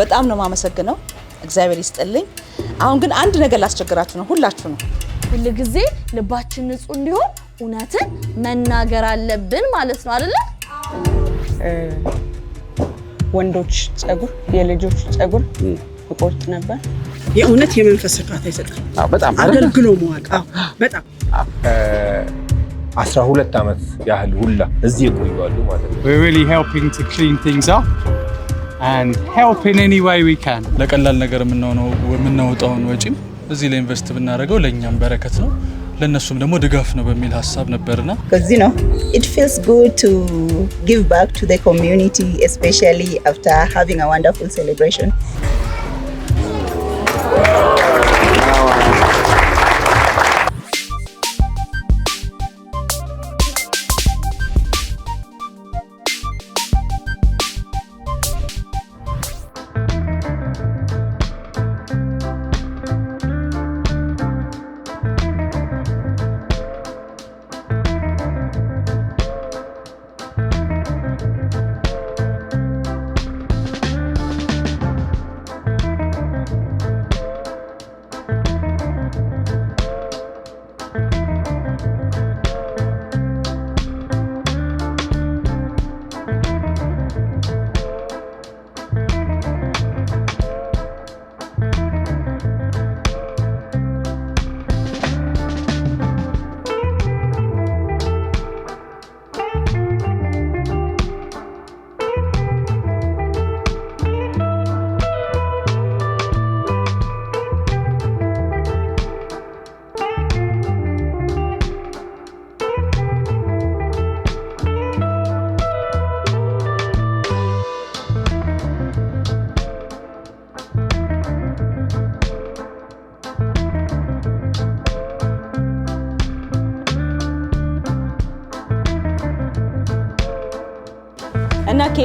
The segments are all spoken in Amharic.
በጣም ነው የማመሰግነው። እግዚአብሔር ይስጥልኝ። አሁን ግን አንድ ነገር ላስቸግራችሁ ነው ሁላችሁ ነው። ሁል ጊዜ ልባችን ንጹህ እንዲሆን እውነትን መናገር አለብን ማለት ነው አይደለ? ወንዶች ጸጉር፣ የልጆች ጸጉር እቆርጥ ነበር። የእውነት የመንፈስ እርካታ ይሰጣል። በጣም አገልግሎ መዋል በጣም አስራ ሁለት ዓመት ያህል ሁላ እዚህ የቆዩ አሉ ማለት ነው። ለቀላል ነገር የምናወጣውን ወጪም እዚህ ለኢንቨስት ብናደርገው ለእኛም በረከት ነው ለእነሱም ደግሞ ድጋፍ ነው በሚል ሀሳብ ነበርና ከዚህ ነው it feels good to give back to the community especially after having a wonderful celebration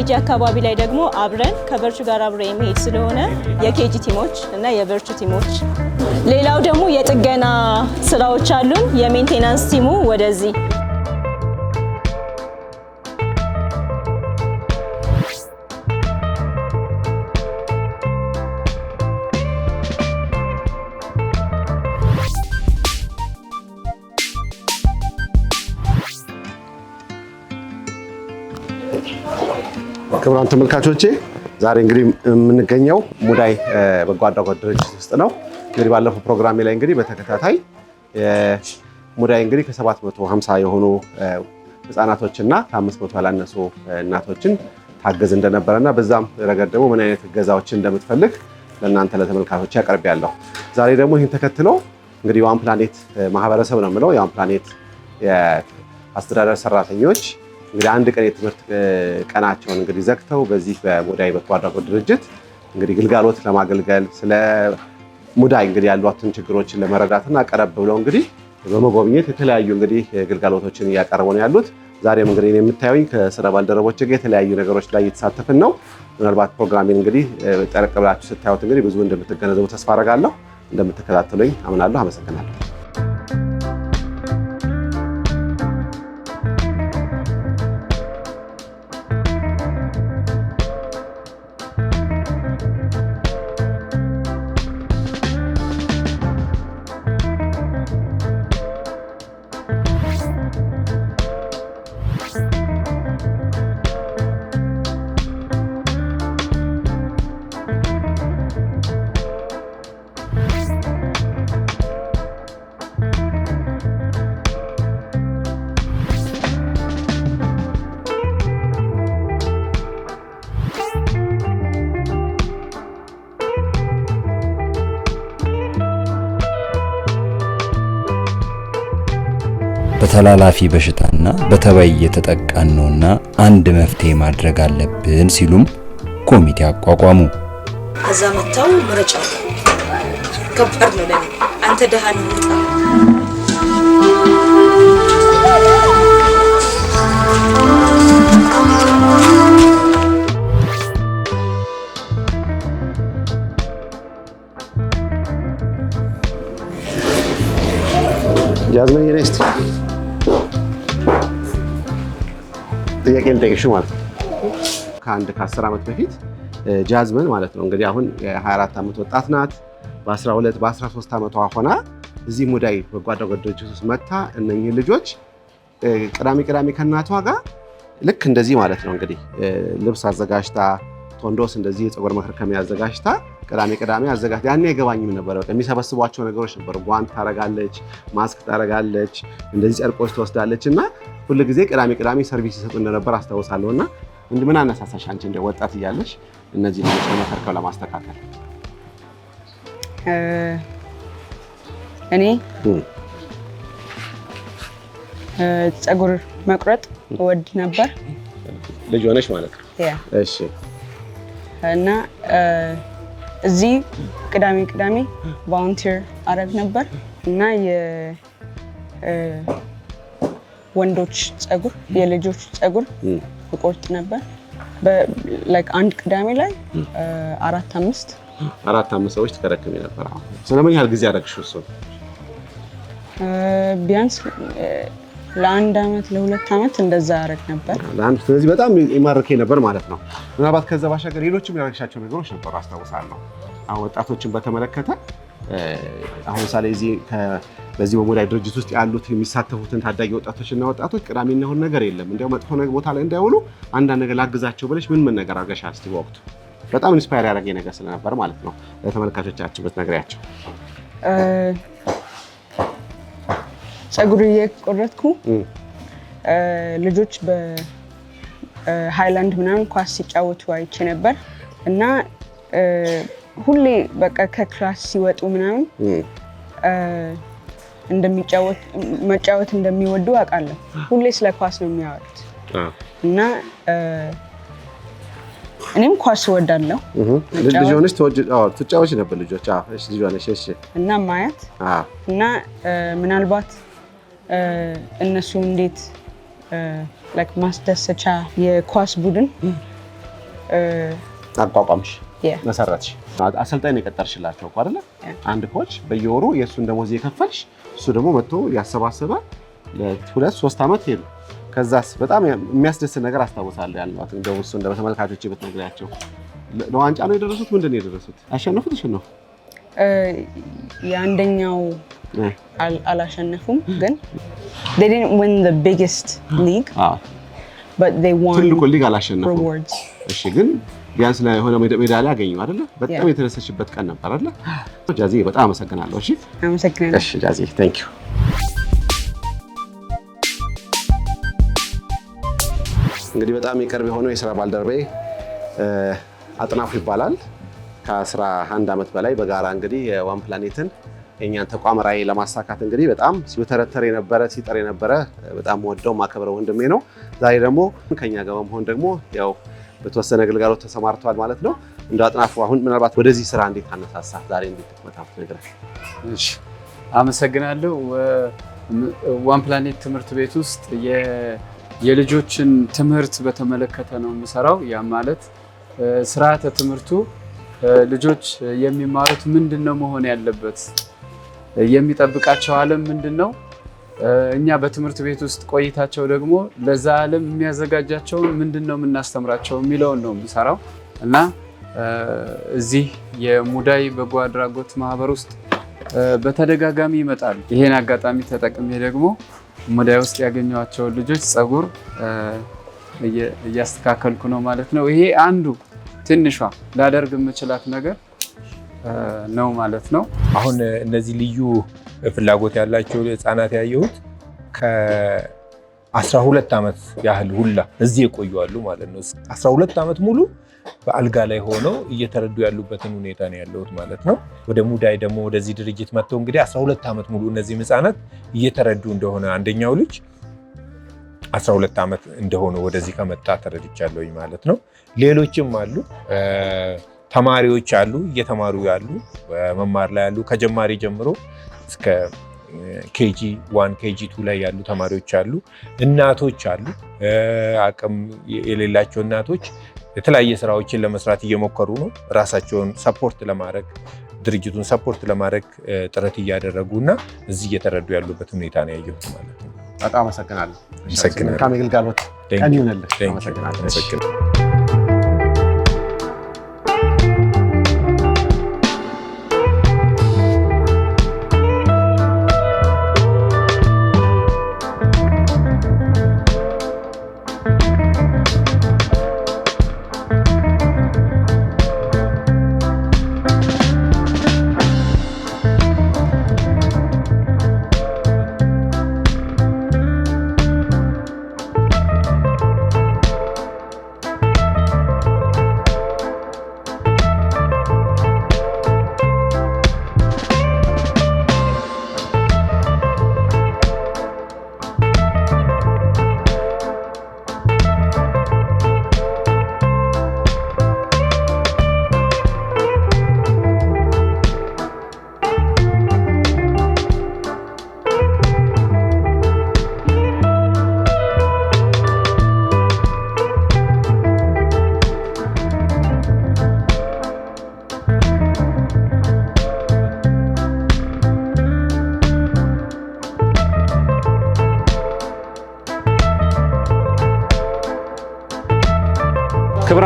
ኬጂ አካባቢ ላይ ደግሞ አብረን ከበርቹ ጋር አብረ የሚሄድ ስለሆነ የኬጂ ቲሞች እና የበርቹ ቲሞች። ሌላው ደግሞ የጥገና ስራዎች አሉን። የሜንቴናንስ ቲሙ ወደዚህ ክቡራን ተመልካቾቼ ዛሬ እንግዲህ የምንገኘው ሙዳይ በጎ አድራጎት ድርጅት ውስጥ ነው። እንግዲህ ባለፈው ፕሮግራሜ ላይ እንግዲህ በተከታታይ ሙዳይ እንግዲህ ከ750 የሆኑ ህፃናቶችና ከ500 ያላነሱ እናቶችን ታገዝ እንደነበረ እና በዛም ረገድ ደግሞ ምን አይነት እገዛዎችን እንደምትፈልግ ለእናንተ ለተመልካቾች ያቀርብ ያለው ዛሬ ደግሞ ይህን ተከትሎ እንግዲህ የዋን ፕላኔት ማህበረሰብ ነው የምለው የዋን ፕላኔት የአስተዳደር ሰራተኞች እንግዲህ አንድ ቀን የትምህርት ቀናቸውን እንግዲህ ዘግተው በዚህ በሙዳይ በጎ አድራጎት ድርጅት እንግዲህ ግልጋሎት ለማገልገል ስለ ሙዳይ እንግዲህ ያሏትን ችግሮችን ለመረዳትና ቀረብ ብለው እንግዲህ በመጎብኘት የተለያዩ እንግዲህ ግልጋሎቶችን እያቀረቡ ነው ያሉት። ዛሬም እንግዲህ የምታዩኝ ከስራ ባልደረቦች ጋር የተለያዩ ነገሮች ላይ እየተሳተፍን ነው። ምናልባት ፕሮግራሚን እንግዲህ ጠረቅ ብላችሁ ስታዩት እንግዲህ ብዙ እንደምትገነዘቡ ተስፋ አደርጋለሁ። እንደምትከታተሉኝ አምናለሁ። አመሰግናለሁ። በተላላፊ በሽታና በተባይ እየተጠቃን ነውና አንድ መፍትሄ ማድረግ አለብን ሲሉም ኮሚቴ አቋቋሙ። አዛ መጥተው ምረጫ ከባድ ነው። አንተ ደሃን ይመጣል ጠየቅሽው ማለት ነው። ከአንድ ከአስር ዓመት በፊት ጃዝመን ማለት ነው እንግዲህ አሁን የ24 ዓመት ወጣት ናት። በ12 በ13 ዓመቷ ሆና እዚህ ሙዳይ በጎ አድራጎት ድርጅት ውስጥ መታ እነኚህ ልጆች ቅዳሜ ቅዳሜ ከእናቷ ጋር ልክ እንደዚህ ማለት ነው እንግዲህ ልብስ አዘጋጅታ ቶንዶስ እንደዚህ የፀጉር መከርከሚያ አዘጋጅታ ቅዳሜ ቅዳሜ አዘጋጅ ያኔ አይገባኝም ነበረ። የሚሰበስቧቸው ነገሮች ነበር። ጓንት ታረጋለች፣ ማስክ ታረጋለች፣ እንደዚህ ጨርቆች ትወስዳለች እና ሁል ጊዜ ቅዳሜ ቅዳሜ ሰርቪስ ይሰጡ እንደነበር አስታውሳለሁ። እና ምን አነሳሳሽ አንቺ እንደ ወጣት እያለሽ እነዚህ ነገሮች ማከርከም ለማስተካከል? እኔ ፀጉር መቁረጥ እወድ ነበር ልጅ ሆነሽ ማለት ነው። እሺ እና እዚህ ቅዳሜ ቅዳሜ ቫለንቲር አደርግ ነበር እና የወንዶች ፀጉር፣ የልጆች ፀጉር እቆርጥ ነበር። አንድ ቅዳሜ ላይ አራት አምስት አራት አምስት ሰዎች ትከረክሜ ነበር። ስለምን ያህል ጊዜ አደረግሽ ቢያንስ ለአንድ አመት ለሁለት አመት እንደዛ ያደረግ ነበር። ስለዚህ በጣም ይማርኬ ነበር ማለት ነው። ምናልባት ከዛ ባሻገር ሌሎችም ያረግሻቸው ነገሮች ነበሩ አስታውሳለሁ። አሁን ወጣቶችን በተመለከተ አሁን ምሳሌ እዚህ በዚህ በሞዳይ ድርጅት ውስጥ ያሉት የሚሳተፉትን ታዳጊ ወጣቶችና ወጣቶች ቅዳሜ እሁድ ነገር የለም እንዲያው መጥፎ ቦታ ላይ እንዳይሆኑ አንዳንድ ነገር ላግዛቸው ብለሽ ምን ምን ነገር አድርገሻል? እስኪ በወቅቱ በጣም ኢንስፓየር ያደረገኝ ነገር ስለነበር ማለት ነው ለተመልካቾቻችን ብትነግሪያቸው። ፀጉር እየቆረጥኩ ልጆች በሃይላንድ ምናምን ኳስ ሲጫወቱ አይቼ ነበር እና ሁሌ በቃ ከክላስ ሲወጡ ምናምን መጫወት እንደሚወዱ አውቃለሁ። ሁሌ ስለ ኳስ ነው የሚያወሩት እና እኔም ኳስ እወዳለሁ። ልጆች ትጫወች ነበር ልጆች እና ማያት እና ምናልባት እነሱ እንዴት ላይክ ማስደሰቻ የኳስ ቡድን አቋቋምሽ መሰረትሽ አሰልጣኝ የቀጠርሽላቸው እኮ አይደለ? አንድ ኮች በየወሩ የእሱን ደሞዝ እየከፈልሽ እሱ ደግሞ መጥቶ ያሰባሰበ ሁለት ሶስት ዓመት ሄዱ። ከዛስ በጣም የሚያስደስት ነገር አስታውሳለሁ ያለት እንደ እሱ እንደ ተመልካቾች ብትነግሪያቸው። ለዋንጫ ነው የደረሱት። ምንድን ነው የደረሱት? ያሸነፉት? ሽነፉ የአንደኛው አላሸነፉም ግን ትልቁ ሊግ አላሸነፉም። እሺ ግን ቢያንስ ለሆነ ሜዳሊያ አገኙ አይደለ? በጣም የተነሰችበት ቀን ነበር አይደለ? ጃዚ በጣም አመሰግናለሁ። እሺ አመሰግናለሁ። እሺ ጃዚ ቴንክ ዩ። እንግዲህ በጣም የቅርብ የሆነው የስራ ባልደረቤ አጥናፉ ይባላል። ከአስራ አንድ ዓመት በላይ በጋራ እንግዲህ የዋን ፕላኔትን የእኛን ተቋም ራዕይ ለማሳካት እንግዲህ በጣም ሲተረተር የነበረ ሲጠር የነበረ በጣም ወደው ማከብረው ወንድሜ ነው። ዛሬ ደግሞ ከኛ ጋር በመሆን ደግሞ ያው በተወሰነ ግልጋሎት ተሰማርተዋል ማለት ነው። እንደ አጥናፉ አሁን ምናልባት ወደዚህ ስራ እንዴት አነሳሳ ዛሬ እንዴት ነገር? እሺ አመሰግናለሁ። ዋን ፕላኔት ትምህርት ቤት ውስጥ የልጆችን ትምህርት በተመለከተ ነው የምሰራው። ያ ማለት ስርዓተ ትምህርቱ ልጆች የሚማሩት ምንድን ነው መሆን ያለበት የሚጠብቃቸው ዓለም ምንድን ነው? እኛ በትምህርት ቤት ውስጥ ቆይታቸው ደግሞ ለዛ ዓለም የሚያዘጋጃቸውን ምንድን ነው የምናስተምራቸው የሚለውን ነው የምሰራው እና እዚህ የሙዳይ በጎ አድራጎት ማህበር ውስጥ በተደጋጋሚ ይመጣሉ። ይሄን አጋጣሚ ተጠቅሜ ደግሞ ሙዳይ ውስጥ ያገኘኋቸውን ልጆች ጸጉር እያስተካከልኩ ነው ማለት ነው። ይሄ አንዱ ትንሿ ላደርግ የምችላት ነገር ነው ማለት ነው። አሁን እነዚህ ልዩ ፍላጎት ያላቸው ህፃናት ያየሁት ከአስራ ሁለት ዓመት ያህል ሁላ እዚህ የቆዩ አሉ ማለት ነው። አስራ ሁለት ዓመት ሙሉ በአልጋ ላይ ሆነው እየተረዱ ያሉበትን ሁኔታ ነው ያለሁት ማለት ነው። ወደ ሙዳይ ደግሞ ወደዚህ ድርጅት መጥተው እንግዲህ 12 ዓመት ሙሉ እነዚህም ህፃናት እየተረዱ እንደሆነ አንደኛው ልጅ 12 ዓመት እንደሆነ ወደዚህ ከመጣ ተረድቻለሁኝ ማለት ነው። ሌሎችም አሉ። ተማሪዎች አሉ፣ እየተማሩ ያሉ መማር ላይ ያሉ ከጀማሪ ጀምሮ እስከ ኬጂ ዋን ኬጂ ቱ ላይ ያሉ ተማሪዎች አሉ፣ እናቶች አሉ፣ አቅም የሌላቸው እናቶች የተለያየ ስራዎችን ለመስራት እየሞከሩ ነው። ራሳቸውን ሰፖርት ለማድረግ ድርጅቱን ሰፖርት ለማድረግ ጥረት እያደረጉ እና እዚህ እየተረዱ ያሉበት ሁኔታ ነው ያየሁት ማለት ነው። በጣም አመሰግናለሁ። መልካም የግልጋሎት ቀን ይሁንልህ። አመሰግናለሁ።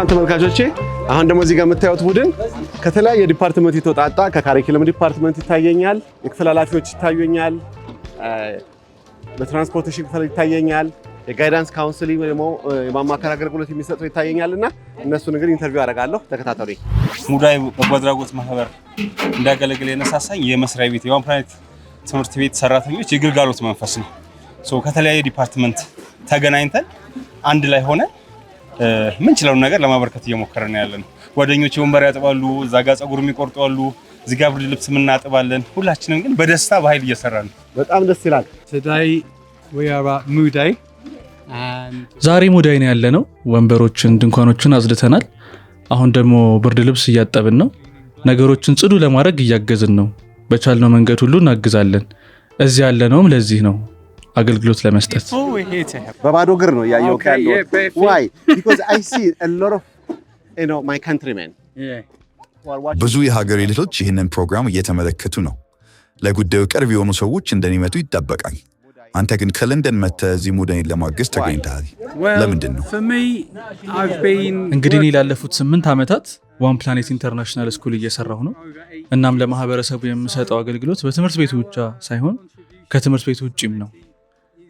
ክቡራን ተመልካቾቼ አሁን ደግሞ እዚህ ጋር የምታዩት ቡድን ከተለያየ ዲፓርትመንት የተወጣጣ ከካሪኪለም ዲፓርትመንት ይታየኛል፣ የተላላፊዎች ይታዩኛል፣ በትራንስፖርቴሽን ክፍል ይታየኛል፣ የጋይዳንስ ካውንስል ደግሞ የማማከር አገልግሎት የሚሰጠው ይታየኛል። እና እነሱን እንግዲህ ኢንተርቪው አደርጋለሁ። ተከታተሉ። ሙዳይ በጎ አድራጎት ማህበር እንዳገለግል የነሳሳኝ የመስሪያ ቤት የዋን ፕላኔት ትምህርት ቤት ሰራተኞች የግልጋሎት መንፈስ ነው። ከተለያየ ዲፓርትመንት ተገናኝተን አንድ ላይ ሆነን። ምንችለውን ነገር ለማበርከት እየሞከረ ያለን። ጓደኞች ወንበር ያጥባሉ፣ እዛ ጋ ፀጉር የሚቆርጡ አሉ፣ እዚህ ጋ ብርድ ልብስ የምናጥባለን። ሁላችንም ግን በደስታ በኃይል እየሰራ ነው። በጣም ደስ ይላል። ዛሬ ሙዳይ ነው ያለ ነው። ወንበሮችን፣ ድንኳኖችን አጽድተናል። አሁን ደግሞ ብርድ ልብስ እያጠብን ነው። ነገሮችን ጽዱ ለማድረግ እያገዝን ነው። በቻልነው መንገድ ሁሉ እናግዛለን። እዚህ ያለነውም ለዚህ ነው። አገልግሎት ለመስጠት oh, በባዶ እግር ነው እያየሁ ያለሁት። ብዙ የሀገሬ ልጆች ይህንን ፕሮግራም እየተመለከቱ ነው። ለጉዳዩ ቅርብ የሆኑ ሰዎች እንደሚመጡ ይጠበቃል። አንተ ግን ከለንደን መተ እዚህ ሙደኔን ለማገዝ ተገኝተሃል። ለምንድን ነው? እንግዲህ እኔ ላለፉት ስምንት ዓመታት ዋን ፕላኔት ኢንተርናሽናል ስኩል እየሰራሁ ነው። እናም ለማህበረሰቡ የምሰጠው አገልግሎት በትምህርት ቤቱ ብቻ ሳይሆን ከትምህርት ቤቱ ውጭም ነው።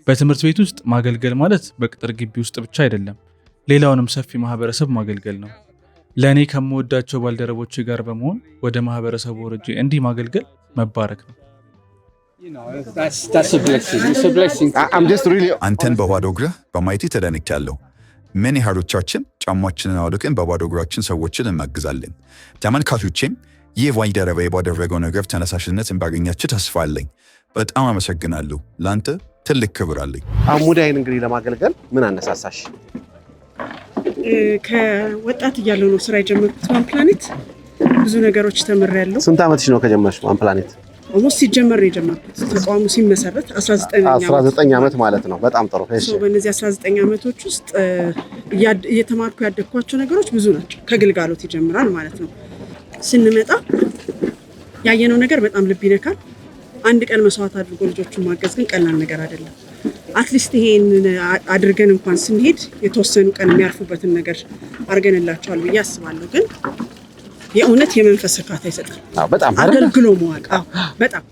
በትምህርት ቤት ውስጥ ማገልገል ማለት በቅጥር ግቢ ውስጥ ብቻ አይደለም፣ ሌላውንም ሰፊ ማህበረሰብ ማገልገል ነው። ለእኔ ከምወዳቸው ባልደረቦች ጋር በመሆን ወደ ማህበረሰቡ ወርጄ እንዲህ ማገልገል መባረክ ነው። አንተን በባዶ እግርህ በማየቴ ተደንቄያለሁ። ምን ያህሎቻችን ጫማችንን አውልቀን በባዶ እግራችን ሰዎችን እናግዛለን? ተመልካቾቼም ይህ ባልደረባዬ ባደረገው ነገር ተነሳሽነት እንዳገኛችሁ ተስፋ አለኝ። በጣም አመሰግናለሁ ለአንተ ትልቅ ክብር አለኝ። አሙዳይን እንግዲህ ለማገልገል ምን አነሳሳሽ? ከወጣት እያለሁ ነው ስራ የጀመርኩት። ዋን ፕላኔት ብዙ ነገሮች ተምሬያለሁ። ስንት ዓመትሽ ነው ከጀመርሽ ዋን ፕላኔት? ኦልሞስት ሲጀመር ነው የጀመርኩት። ተቋሙ ሲመሰረት 19 ዓመት ማለት ነው። በጣም ጥሩ። በእነዚህ 19 ዓመቶች ውስጥ እየተማርኩ ያደግኳቸው ነገሮች ብዙ ናቸው። ከግልጋሎት ይጀምራል ማለት ነው። ስንመጣ ያየነው ነገር በጣም ልብ ይነካል። አንድ ቀን መስዋዕት አድርጎ ልጆቹን ማገዝ ግን ቀላል ነገር አይደለም። አትሊስት ይሄን አድርገን እንኳን ስንሄድ የተወሰኑ ቀን የሚያርፉበትን ነገር አድርገንላቸዋል ብዬ አስባለሁ። ግን የእውነት የመንፈስ እርካታ ይሰጣል። በጣም አገልግሎ መዋቅ በጣም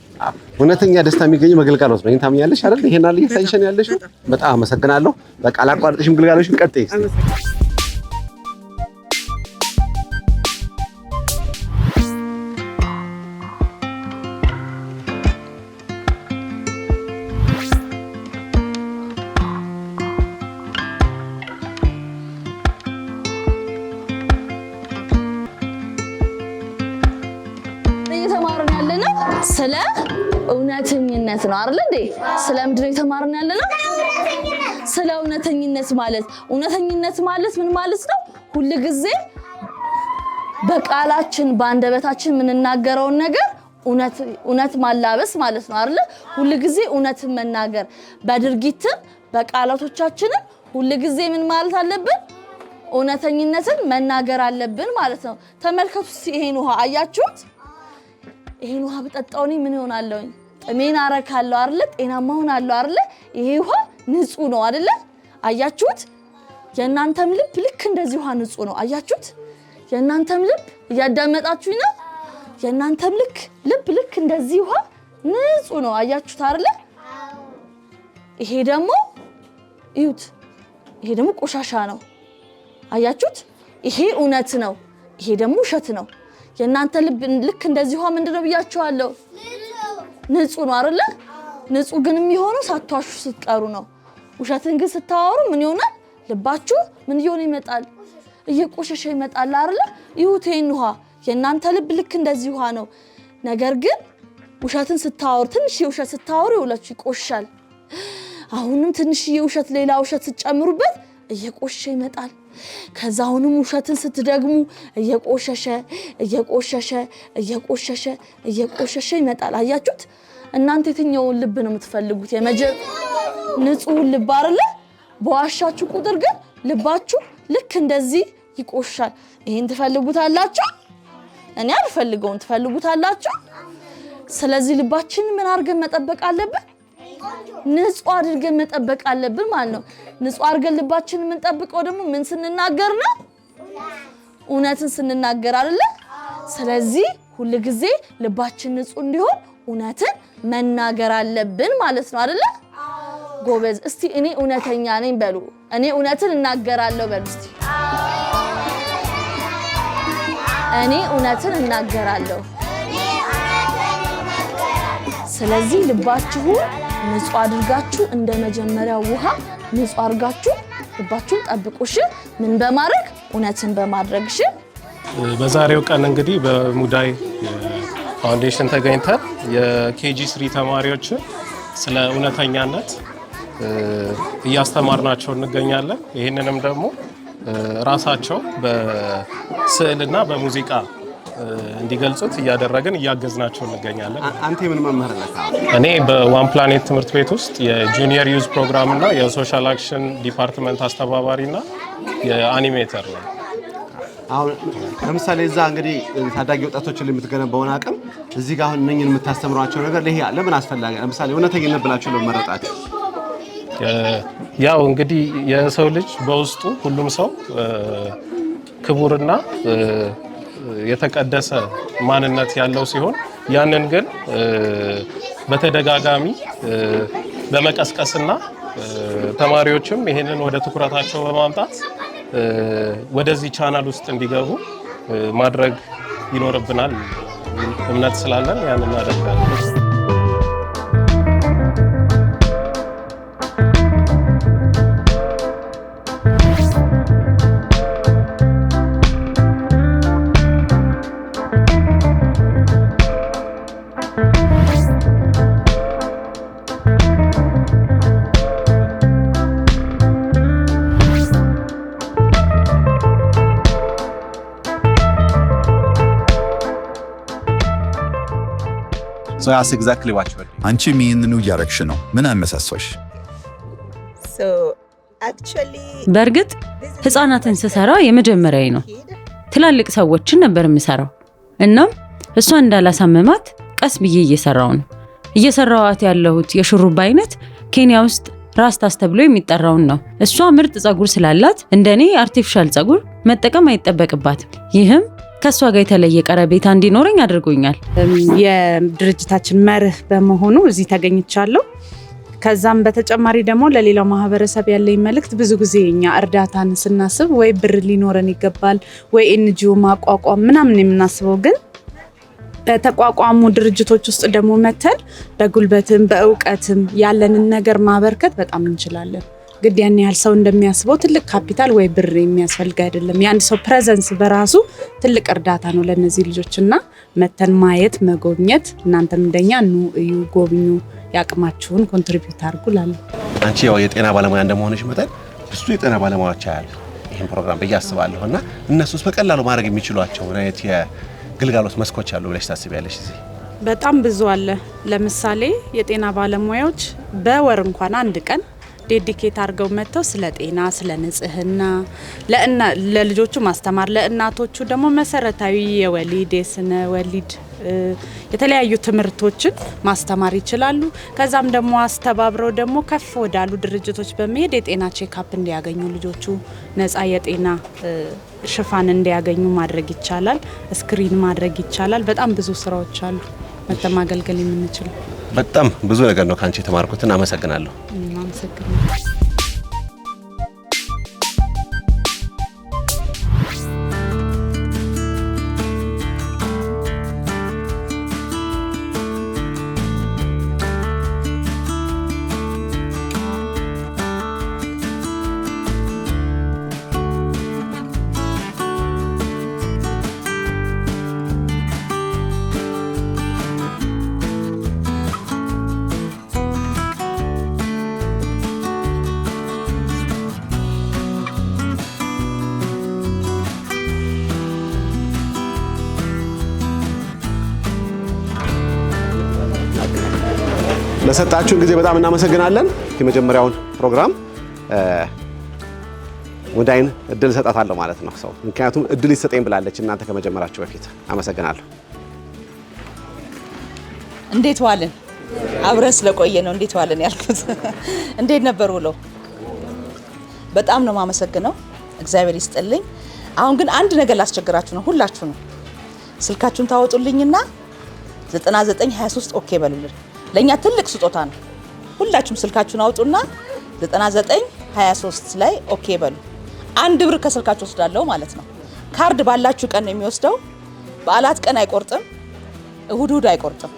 እውነተኛ ደስታ የሚገኘው መገልጋሎት ነው። ታምኛለሽ አይደል? ይሄን አለ እየሳይሽን ያለሽ በጣም አመሰግናለሁ። በቃ አላቋርጥሽም። ግልጋሎሽን ቀጥይ። እውነተኝነት ማለት እውነተኝነት ማለት ምን ማለት ነው? ሁል ጊዜ በቃላችን በአንደበታችን የምንናገረውን ነገር እውነት ማላበስ ማለት ነው አይደለ? ሁል ጊዜ እውነትን መናገር በድርጊትም በቃላቶቻችንም ሁል ጊዜ ምን ማለት አለብን? እውነተኝነትን መናገር አለብን ማለት ነው። ተመልከቱ ይሄን ውሃ አያችሁት? ይሄን ውሃ ብጠጣው እኔ ምን ይሆናለሁኝ? ጥሜን አረካለሁ አይደለ? ጤናማ ሆናለሁ አይደለ? ይሄ ውሃ ንጹህ ነው አይደለ? አያችሁት? የእናንተም ልብ ልክ እንደዚህ ውሃ ንጹህ ነው። አያችሁት? የእናንተም ልብ እያዳመጣችሁኝ ነው። የእናንተም ልክ ልብ ልክ እንደዚህ ውሃ ንጹህ ነው። አያችሁት አይደለ? ይሄ ደግሞ እዩት። ይሄ ደግሞ ቆሻሻ ነው። አያችሁት? ይሄ እውነት ነው። ይሄ ደግሞ ውሸት ነው። የእናንተ ልብ ልክ እንደዚህ ውሃ ምንድን ነው ብያችኋለሁ፣ ንጹህ ነው አይደለ? ንጹህ ግን የሚሆነው ሳትዋሹ ስትቀሩ ነው። ውሸትን ግን ስታወሩ ምን ይሆናል? ልባችሁ ምን እየሆነ ይመጣል? እየቆሸሸ ይመጣል አይደለ? ይሁቴን ውሃ የእናንተ ልብ ልክ እንደዚህ ውሃ ነው። ነገር ግን ውሸትን ስታወሩ ትንሽ ውሸት ስታወሩ ይውላችሁ ይቆሻል። አሁንም ትንሽዬ ውሸት ሌላ ውሸት ስጨምሩበት እየቆሸሸ ይመጣል። ከዛ አሁንም ውሸትን ስትደግሙ እየቆሸሸ እየቆሸሸ እየቆሸሸ እየቆሸሸ ይመጣል። አያችሁት? እናንተ የትኛውን ልብ ነው የምትፈልጉት? ንጹህ ልብ አይደለ? በዋሻችሁ ቁጥር ግን ልባችሁ ልክ እንደዚህ ይቆሻል። ይሄን ትፈልጉታላችሁ፣ እኔ አልፈልገውን ትፈልጉታላችሁ። ስለዚህ ልባችን ምን አድርገን መጠበቅ አለብን? ንጹህ አድርገን መጠበቅ አለብን ማለት ነው። ንጹህ አድርገን ልባችን የምንጠብቀው ደግሞ ምን ስንናገር ነው? እውነትን ስንናገር አይደለ? ስለዚህ ሁልጊዜ ልባችን ንጹህ እንዲሆን እውነትን መናገር አለብን ማለት ነው አይደለ? ጎበዝ። እስቲ እኔ እውነተኛ ነኝ በሉ። እኔ እውነትን እናገራለሁ በሉ እስቲ። እኔ እውነትን እናገራለሁ። ስለዚህ ልባችሁን ንጹህ አድርጋችሁ እንደ መጀመሪያው ውሃ ንጹህ አድርጋችሁ ልባችሁን ጠብቁሽ። ምን በማድረግ እውነትን በማድረግሽ። በዛሬው ቀን እንግዲህ በሙዳይ ፋውንዴሽን ተገኝተን የኬጂ ስሪ ተማሪዎችን ስለ እውነተኛነት እያስተማርናቸው እንገኛለን። ይህንንም ደግሞ ራሳቸው በስዕልና በሙዚቃ እንዲገልጹት እያደረግን እያገዝናቸው እንገኛለን። አንተ ምን መምህር ነህ? እኔ በዋን ፕላኔት ትምህርት ቤት ውስጥ የጁኒየር ዩዝ ፕሮግራም ፕሮግራምና የሶሻል አክሽን ዲፓርትመንት አስተባባሪ አስተባባሪና የአኒሜተር ነው። አሁን ለምሳሌ እዛ እንግዲህ ታዳጊ ወጣቶችን የምትገነባውን አቅም እዚህ ጋር አሁን እነኝን የምታስተምሯቸው ነገር ለምን አስፈላጊ? ለምሳሌ እውነተኝነት ብላችሁ ለመረጣችሁ ያው እንግዲህ የሰው ልጅ በውስጡ ሁሉም ሰው ክቡርና የተቀደሰ ማንነት ያለው ሲሆን ያንን ግን በተደጋጋሚ በመቀስቀስና ተማሪዎችም ይሄንን ወደ ትኩረታቸው በማምጣት ወደዚህ ቻናል ውስጥ እንዲገቡ ማድረግ ይኖርብናል። እምነት ስላለን ያንን እናደርጋለን። አንቺም ይህንኑ እያረግሽ ነው። ምን አነሳሳሽ? በእርግጥ ህፃናትን ስሰራ የመጀመሪያ ነው። ትላልቅ ሰዎችን ነበር የምሰራው። እናም እሷ እንዳላሳመማት ቀስ ብዬ እየሰራው ነው። እየሰራዋት ያለሁት የሹሩባ አይነት ኬንያ ውስጥ ራስታስ ተብሎ የሚጠራውን ነው። እሷ ምርጥ ፀጉር ስላላት እንደኔ እኔ አርቲፊሻል ፀጉር መጠቀም አይጠበቅባትም። ይህም ከእሷ ጋር የተለየ ቀረቤታ እንዲኖረኝ አድርጎኛል። የድርጅታችን መርህ በመሆኑ እዚህ ተገኝቻለሁ። ከዛም በተጨማሪ ደግሞ ለሌላው ማህበረሰብ ያለኝ መልእክት ብዙ ጊዜ እኛ እርዳታን ስናስብ ወይ ብር ሊኖረን ይገባል ወይ ኤንጂኦ ማቋቋም ምናምን የምናስበው ግን በተቋቋሙ ድርጅቶች ውስጥ ደግሞ መተን በጉልበትም በእውቀትም ያለንን ነገር ማበርከት በጣም እንችላለን። ግድ ያን ያህል ሰው እንደሚያስበው ትልቅ ካፒታል ወይ ብር የሚያስፈልግ አይደለም። የአንድ ሰው ፕሬዘንስ በራሱ ትልቅ እርዳታ ነው ለእነዚህ ልጆች እና መተን ማየት መጎብኘት፣ እናንተም እንደኛ ኑ እዩ፣ ጎብኙ፣ የአቅማችሁን ኮንትሪቢዩት አድርጉ ላለ አንቺ ያው የጤና ባለሙያ እንደመሆነች መጠን ብዙ የጤና ባለሙያዎች ያሉ ይህን ፕሮግራም ብዬ አስባለሁ እና እነሱስ በቀላሉ ማድረግ የሚችሏቸው ነት የግልጋሎት መስኮች አሉ ብለሽ ታስቢያለሽ? እዚህ በጣም ብዙ አለ። ለምሳሌ የጤና ባለሙያዎች በወር እንኳን አንድ ቀን ዴዲኬት አድርገው መጥተው ስለ ጤና፣ ስለ ንጽህና ለልጆቹ ማስተማር፣ ለእናቶቹ ደግሞ መሰረታዊ የወሊድ የስነ ወሊድ የተለያዩ ትምህርቶችን ማስተማር ይችላሉ። ከዛም ደግሞ አስተባብረው ደግሞ ከፍ ወዳሉ ድርጅቶች በመሄድ የጤና ቼካፕ እንዲያገኙ ልጆቹ ነጻ የጤና ሽፋን እንዲያገኙ ማድረግ ይቻላል። ስክሪን ማድረግ ይቻላል። በጣም ብዙ ስራዎች አሉ መተማገልገል የምንችለው። በጣም ብዙ ነገር ነው ከአንቺ የተማርኩትን። አመሰግናለሁ። አመሰግናለሁ። ለሰጣችሁን ጊዜ በጣም እናመሰግናለን። የመጀመሪያውን ፕሮግራም ወዳይን እድል እሰጣታለሁ ማለት ነው ሰው ምክንያቱም እድል ይሰጠኝ ብላለች እናንተ ከመጀመራችሁ በፊት አመሰግናለሁ። እንዴት ዋልን? አብረን ስለቆየ ነው እንዴት ዋልን ያልኩት። እንዴት ነበር ውሎ? በጣም ነው የማመሰግነው። እግዚአብሔር ይስጥልኝ። አሁን ግን አንድ ነገር ላስቸግራችሁ ነው ሁላችሁ ነው ስልካችሁን ታወጡልኝና 9923 ኦኬ በሉልን ለእኛ ትልቅ ስጦታ ነው። ሁላችሁም ስልካችሁን አውጡና 23 ላይ ኦኬ በሉ። አንድ ብር ከስልካችሁ ወስዳለሁ ማለት ነው። ካርድ ባላችሁ ቀን ነው የሚወስደው። በዓላት ቀን አይቆርጥም፣ እሁድ እሁድ አይቆርጥም።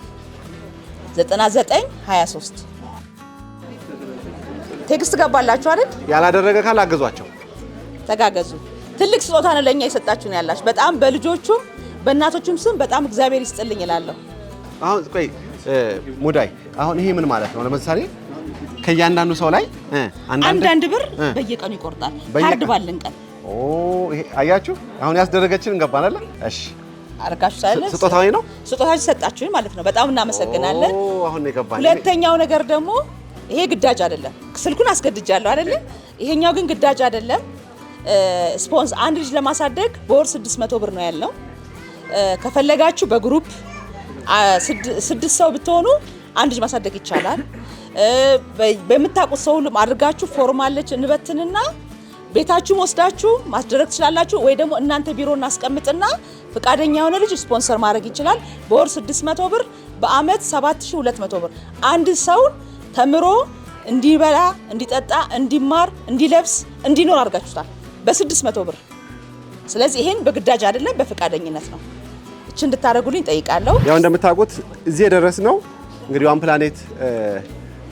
23 ቴክስት ገባላችሁ አይደል? ያላደረገ ካላገዟቸው ተጋገዙ። ትልቅ ስጦታ ነው ለእኛ የሰጣችሁ ነው ያላችሁ። በጣም በልጆቹም በእናቶቹም ስም በጣም እግዚአብሔር ይስጥልኝ እላለሁ። አሁን ቆይ ሙዳይ አሁን ይሄ ምን ማለት ነው? ለምሳሌ ከእያንዳንዱ ሰው ላይ አንዳንድ ብር በየቀኑ ይቆርጣል። ካርድ ባለን ቀን አያችሁ፣ አሁን ያስደረገችን እንገባናለ። እሺ አርጋችሁ ሳለ ስጦታው ነው ስጦታችሁ ሰጣችሁኝ ማለት ነው። በጣም እናመሰግናለን። አሁን ይገባል። ሁለተኛው ነገር ደግሞ ይሄ ግዳጅ አይደለም። ስልኩን አስገድጃለሁ አይደለ? ይሄኛው ግን ግዳጅ አይደለም። ስፖንስ አንድ ልጅ ለማሳደግ በወር 600 ብር ነው ያለው። ከፈለጋችሁ በግሩፕ ስድስት ሰው ብትሆኑ አንድ ልጅ ማሳደግ ይቻላል። በምታውቁት ሰው ሁሉም አድርጋችሁ ፎርም አለች እንበትንና ቤታችሁም ወስዳችሁ ማስደረግ ትችላላችሁ። ወይ ደግሞ እናንተ ቢሮ እናስቀምጥና ፈቃደኛ የሆነ ልጅ ስፖንሰር ማድረግ ይችላል። በወር 600 ብር፣ በአመት 7200 ብር አንድ ሰውን ተምሮ እንዲበላ፣ እንዲጠጣ፣ እንዲማር፣ እንዲለብስ፣ እንዲኖር አድርጋችሁታል በ600 ብር። ስለዚህ ይሄን በግዳጅ አይደለም፣ በፈቃደኝነት ነው። ች እንድታደርጉልኝ ጠይቃለሁ። ያው እንደምታውቁት እዚህ የደረስ ነው እንግዲህ ዋን ፕላኔት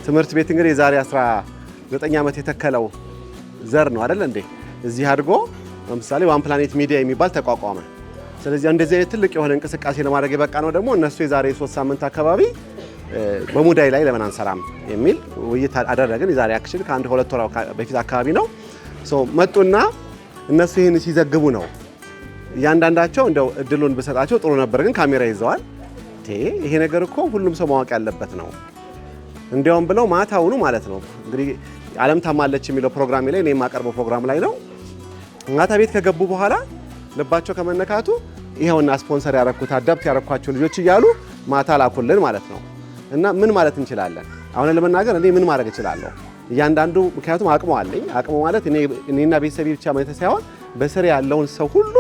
ትምህርት ቤት እንግዲህ የዛሬ 19 ዓመት የተከለው ዘር ነው አይደል እንዴ? እዚህ አድጎ ለምሳሌ ዋን ፕላኔት ሚዲያ የሚባል ተቋቋመ። ስለዚህ እንደዚህ አይነት ትልቅ የሆነ እንቅስቃሴ ለማድረግ የበቃ ነው። ደግሞ እነሱ የዛሬ ሶስት ሳምንት አካባቢ በሙዳይ ላይ ለምን አንሰራም የሚል ውይይት አደረግን። የዛሬ አክሽን ከአንድ ሁለት ወር በፊት አካባቢ ነው መጡና እነሱ ይህን ሲዘግቡ ነው እያንዳንዳቸው እንደው እድሉን ብሰጣቸው ጥሩ ነበር፣ ግን ካሜራ ይዘዋል። ይሄ ነገር እኮ ሁሉም ሰው ማወቅ ያለበት ነው። እንዲያውም ብለው ማታውኑ ማለት ነው እንግዲህ ዓለም ታማለች የሚለው ፕሮግራም ላይ እኔ የማቀርበው ፕሮግራም ላይ ነው። ማታ ቤት ከገቡ በኋላ ልባቸው ከመነካቱ ይኸውና ስፖንሰር ያረኩት አዳፕት ያረኳቸው ልጆች እያሉ ማታ ላኩልን ማለት ነው። እና ምን ማለት እንችላለን? አሁን ለመናገር እኔ ምን ማድረግ እችላለሁ? እያንዳንዱ ምክንያቱም አቅሙ አለኝ። አቅሙ ማለት እኔና ቤተሰቤ ብቻ ማለት ሳይሆን በስር ያለውን ሰው ሁሉ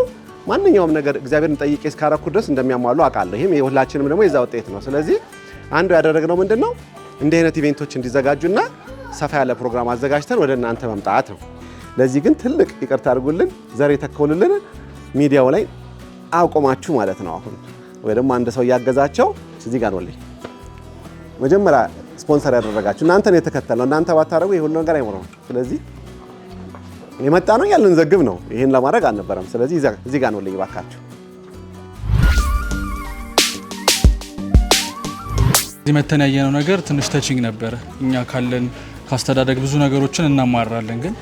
ማንኛውም ነገር እግዚአብሔርን ጠይቄ እስካረኩ ድረስ እንደሚያሟሉ አውቃለሁ። ይህም የሁላችንም ደግሞ የዛ ውጤት ነው። ስለዚህ አንዱ ያደረግነው ምንድን ነው እንዲህ አይነት ኢቬንቶች እንዲዘጋጁና ሰፋ ያለ ፕሮግራም አዘጋጅተን ወደ እናንተ መምጣት ነው። ለዚህ ግን ትልቅ ይቅርታ አድርጉልን፣ ዘር የተከሉልን ሚዲያው ላይ አቆማችሁ ማለት ነው። አሁን ወይ ደግሞ አንድ ሰው እያገዛቸው እዚህ ጋር ወልኝ መጀመሪያ ስፖንሰር ያደረጋችሁ እናንተ ነው የተከተልነው። እናንተ ባታደረጉ የሁሉ ነገር አይኖረውም። ስለዚህ የመጣ ነው ያለን ዘግብ ነው። ይህን ለማድረግ አልነበረም። ስለዚህ እዚህ ጋር ነው ልኝ ባካችሁ። እዚህ መተን ያየነው ነገር ትንሽ ተችኝ ነበረ። እኛ ካለን ካስተዳደግ ብዙ ነገሮችን እናማራለን፣ ግን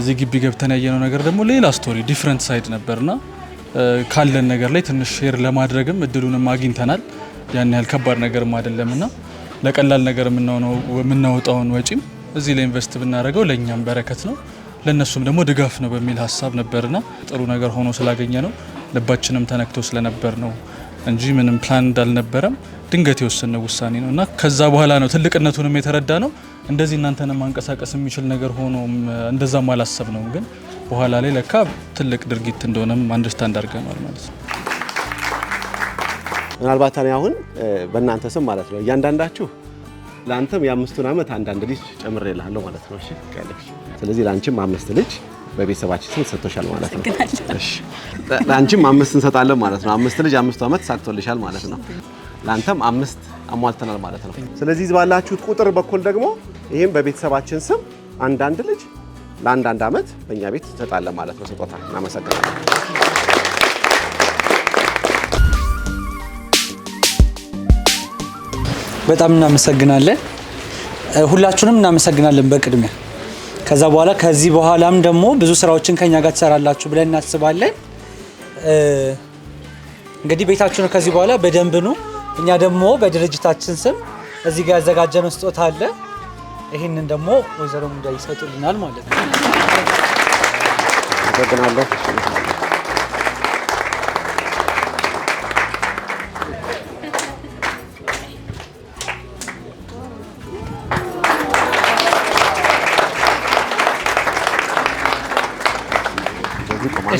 እዚህ ግቢ ገብተን ያየነው ነገር ደግሞ ሌላ ስቶሪ ዲፍረንት ሳይድ ነበርና ካለን ነገር ላይ ትንሽ ሼር ለማድረግም እድሉንም አግኝተናል። ያን ያህል ከባድ ነገርም አይደለምና ለቀላል ነገር የምናወጣውን ወጪም እዚህ ለኢንቨስት ብናደርገው ለእኛም በረከት ነው። ለእነሱም ደግሞ ድጋፍ ነው በሚል ሀሳብ ነበርና ጥሩ ነገር ሆኖ ስላገኘ ነው ልባችንም ተነክቶ ስለነበር ነው እንጂ ምንም ፕላን እንዳልነበረም ድንገት የወሰነ ውሳኔ ነው እና ከዛ በኋላ ነው ትልቅነቱንም የተረዳ ነው። እንደዚህ እናንተን ማንቀሳቀስ የሚችል ነገር ሆኖ እንደዛም አላሰብ ነው፣ ግን በኋላ ላይ ለካ ትልቅ ድርጊት እንደሆነም አንደርስታንድ አድርገናል ማለት ነው። ምናልባት እኔ አሁን በእናንተ ስም ማለት ነው እያንዳንዳችሁ ለአንተም የአምስቱን ዓመት አንዳንድ ልጅ ጨምሬልሃለሁ ማለት ነው። እሺ ቀለሽ። ስለዚህ ለአንቺም አምስት ልጅ በቤተሰባችን ስም ሰጥቶሻል ማለት ነው። እሺ ለአንቺም አምስት እንሰጣለን ማለት ነው። አምስት ልጅ አምስቱ ዓመት ሳክቶልሻል ማለት ነው። ለአንተም አምስት አሟልተናል ማለት ነው። ስለዚህ ባላችሁት ቁጥር በኩል ደግሞ ይህም በቤተሰባችን ስም አንዳንድ ልጅ ለአንዳንድ ዓመት በእኛ ቤት እንሰጣለን ማለት ነው። ስጦታ። እናመሰግናለን። በጣም እናመሰግናለን። ሁላችሁንም እናመሰግናለን በቅድሚያ። ከዛ በኋላ ከዚህ በኋላም ደግሞ ብዙ ስራዎችን ከኛ ጋር ትሰራላችሁ ብለን እናስባለን። እንግዲህ ቤታችሁን ከዚህ በኋላ በደንብ ኑ። እኛ ደግሞ በድርጅታችን ስም እዚህ ጋር ያዘጋጀነው ስጦታ አለ። ይህንን ደግሞ ወይዘሮ ሙዳ ይሰጡልናል ማለት ነው።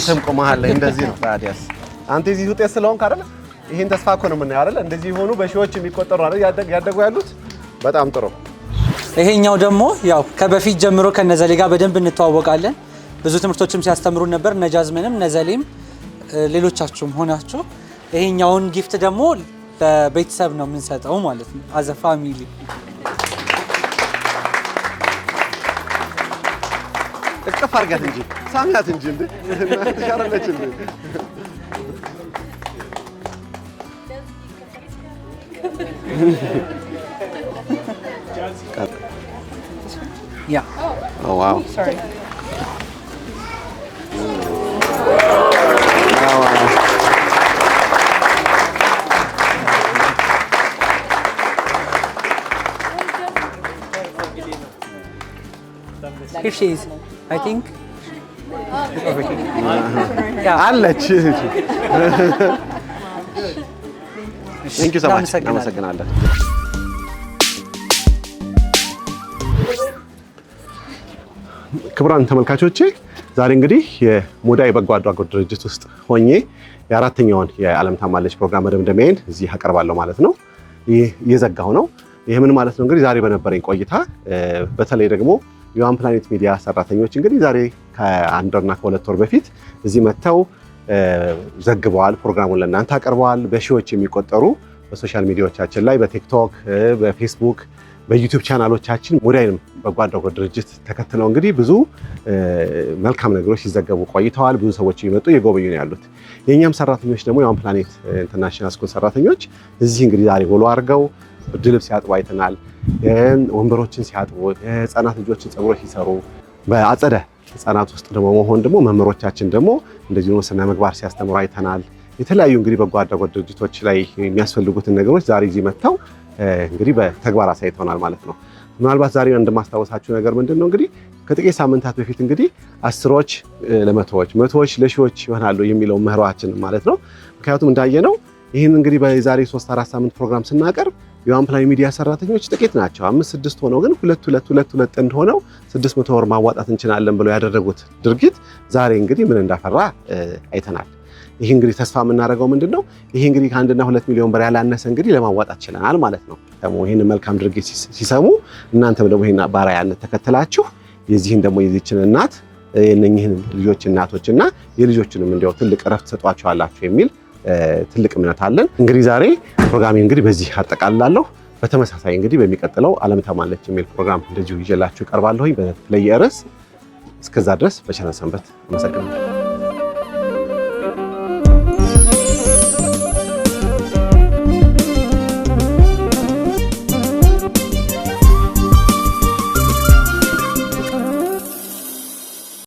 አንተም ቁመሃል ላይ እንደዚህ ነው። ታዲያስ አንተ እዚህ ውጤት ስለሆንክ አይደል? ይሄን ተስፋ እኮ ነው የምናየው አይደል? እንደዚህ የሆኑ በሺዎች የሚቆጠሩ አይደል ያደጉ ያሉት። በጣም ጥሩ። ይሄኛው ደግሞ ያው ከበፊት ጀምሮ ከነዘሌ ጋር በደንብ እንተዋወቃለን። ብዙ ትምህርቶችም ሲያስተምሩን ነበር። ነጃዝመንም ነዘሌም ሌሎቻችሁም ሆናችሁ ይሄኛውን ጊፍት ደግሞ ለቤተሰብ ነው የምንሰጠው ማለት ነው አዘ ፋሚሊ Başka fark edince. Sen yatın şimdi. Dışarı ne şimdi? yeah. Oh, oh wow. Oh, sorry. Here she is. አለች። እናመሰግናለን። ክቡራን ተመልካቾቼ ዛሬ እንግዲህ የሞዳ የበጎ አድራጎት ድርጅት ውስጥ ሆኜ የአራተኛውን የዓለም ታማለች ፕሮግራም መደምደሚያን እዚህ አቀርባለሁ ማለት ነው። እየዘጋሁ ነው። ይህ ምን ማለት ነው? እንግዲህ ዛሬ በነበረኝ ቆይታ በተለይ ደግሞ የዋን ፕላኔት ሚዲያ ሰራተኞች እንግዲህ ዛሬ ከአንድና ከሁለት ወር በፊት እዚህ መጥተው ዘግበዋል፣ ፕሮግራሙን ለእናንተ አቅርበዋል። በሺዎች የሚቆጠሩ በሶሻል ሚዲያዎቻችን ላይ በቲክቶክ፣ በፌስቡክ፣ በዩቲዩብ ቻናሎቻችን ሙዳይንም በጎ አድራጎት ድርጅት ተከትለው እንግዲህ ብዙ መልካም ነገሮች ሲዘገቡ ቆይተዋል። ብዙ ሰዎች የሚመጡ የጎበኙ ነው ያሉት። የእኛም ሰራተኞች ደግሞ የዋን ፕላኔት ኢንተርናሽናል ስኩል ሰራተኞች እዚህ እንግዲህ ዛሬ ውሎ አድርገው ብርድ ልብስ ያጥቡ አይተናል። ወንበሮችን ሲያጥቡ፣ የህፃናት ልጆችን ፀጉሮች ሲሰሩ፣ በአጸደ ህፃናት ውስጥ ደግሞ መሆን ደግሞ መምህሮቻችን ደግሞ እንደዚሁ ስነ ምግባር ሲያስተምሩ አይተናል። የተለያዩ እንግዲህ በጎ አድራጎት ድርጅቶች ላይ የሚያስፈልጉትን ነገሮች ዛሬ እዚህ መጥተው እንግዲህ በተግባር አሳይተውናል ማለት ነው። ምናልባት ዛሬ እንደማስታወሳችሁ ነገር ምንድን ነው እንግዲህ ከጥቂት ሳምንታት በፊት እንግዲህ አስሮች ለመቶዎች መቶዎች ለሺዎች ይሆናሉ የሚለው ምህሯችን ማለት ነው። ምክንያቱም እንዳየነው ይህን እንግዲህ በዛሬ ሶስት አራት ሳምንት ፕሮግራም ስናቀርብ የዋንፕላይ ሚዲያ ሰራተኞች ጥቂት ናቸው። አምስት ስድስት ሆነው ግን ሁለት ሁለት ሁለት ሁለት እንደሆነው ስድስት መቶ ወር ማዋጣት እንችላለን ብለው ያደረጉት ድርጊት ዛሬ እንግዲህ ምን እንዳፈራ አይተናል። ይህ እንግዲህ ተስፋ የምናደርገው ምንድን ነው? ይህ እንግዲህ ከአንድና ሁለት ሚሊዮን ብር ያላነሰ እንግዲህ ለማዋጣት ችለናል ማለት ነው። ደግሞ ይህን መልካም ድርጊት ሲሰሙ እናንተም ደግሞ ይህን ባራያነት ተከትላችሁ የዚህን ደግሞ የዚችን እናት የእነኝህን ልጆች እናቶች እና የልጆችንም እንዲያው ትልቅ እረፍት ሰጧቸዋላችሁ የሚል ትልቅ እምነት አለን። እንግዲህ ዛሬ ፕሮግራሜ እንግዲህ በዚህ አጠቃልላለሁ። በተመሳሳይ እንግዲህ በሚቀጥለው ዓለም ተማለች የሚል ፕሮግራም እንደዚሁ ይዤላችሁ እቀርባለሁኝ በተለየ ርዕስ። እስከዛ ድረስ በቸር ሰንበት። አመሰግናለሁ።